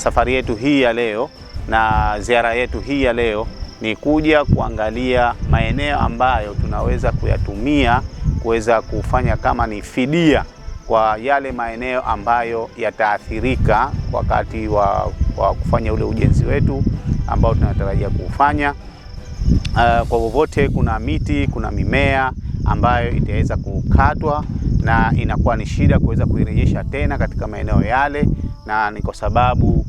safari yetu hii ya leo na ziara yetu hii ya leo ni kuja kuangalia maeneo ambayo tunaweza kuyatumia kuweza kufanya kama ni fidia kwa yale maeneo ambayo yataathirika wakati wa, wa kufanya ule ujenzi wetu ambao tunatarajia kuufanya. Uh, kwa vyovote kuna miti, kuna mimea ambayo itaweza kukatwa na inakuwa ni shida kuweza kuirejesha tena katika maeneo yale, na ni kwa sababu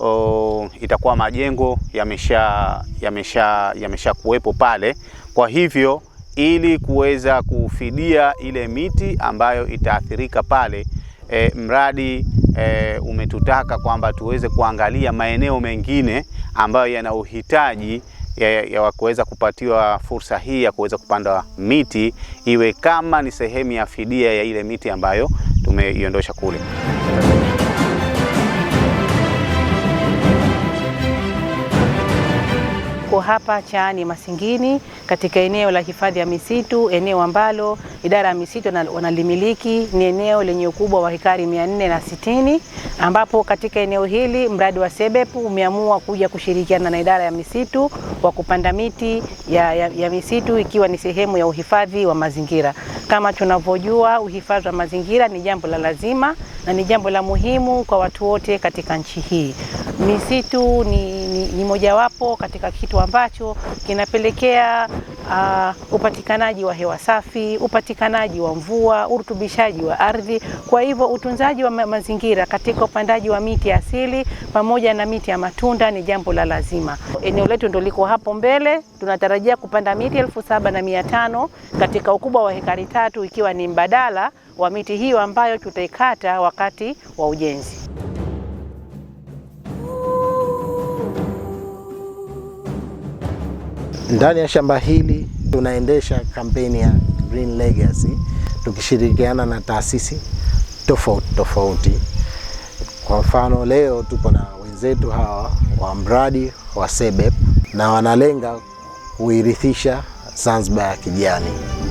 oh, itakuwa majengo yamesha yamesha yamesha kuwepo pale. Kwa hivyo ili kuweza kufidia ile miti ambayo itaathirika pale, e, mradi e, umetutaka kwamba tuweze kuangalia maeneo mengine ambayo yana uhitaji ya, ya kuweza kupatiwa fursa hii ya kuweza kupanda miti iwe kama ni sehemu ya fidia ya ile miti ambayo tumeiondosha kule. hapa Chaani Masingini katika eneo la hifadhi ya misitu, eneo ambalo idara ya misitu wanalimiliki. Ni eneo lenye ukubwa wa hekari mia na ambapo katika eneo hili mradi wa SEBEP umeamua kuja kushirikiana na idara ya misitu wa kupanda miti ya, ya, ya misitu ikiwa ni sehemu ya uhifadhi wa mazingira. Kama tunavyojua uhifadhi wa mazingira ni jambo la lazima na ni jambo la muhimu kwa watu wote katika nchi hii. Misitu ni ni, mojawapo katika kitu ambacho kinapelekea uh, upatikanaji wa hewa safi, upatikanaji wa mvua, urutubishaji wa ardhi. Kwa hivyo utunzaji wa mazingira katika upandaji wa miti asili pamoja na miti ya matunda ni jambo la lazima. Eneo letu ndio liko hapo mbele, tunatarajia kupanda miti elfu saba na mia tano katika ukubwa wa hekari tatu ikiwa ni mbadala wa miti hiyo ambayo tutaikata wakati wa ujenzi. Ndani ya shamba hili tunaendesha kampeni ya Green Legacy tukishirikiana na taasisi tofauti tofauti. Kwa mfano, leo tuko na wenzetu hawa wa mradi wa SEBEP na wanalenga kuirithisha Zanzibar ya kijani.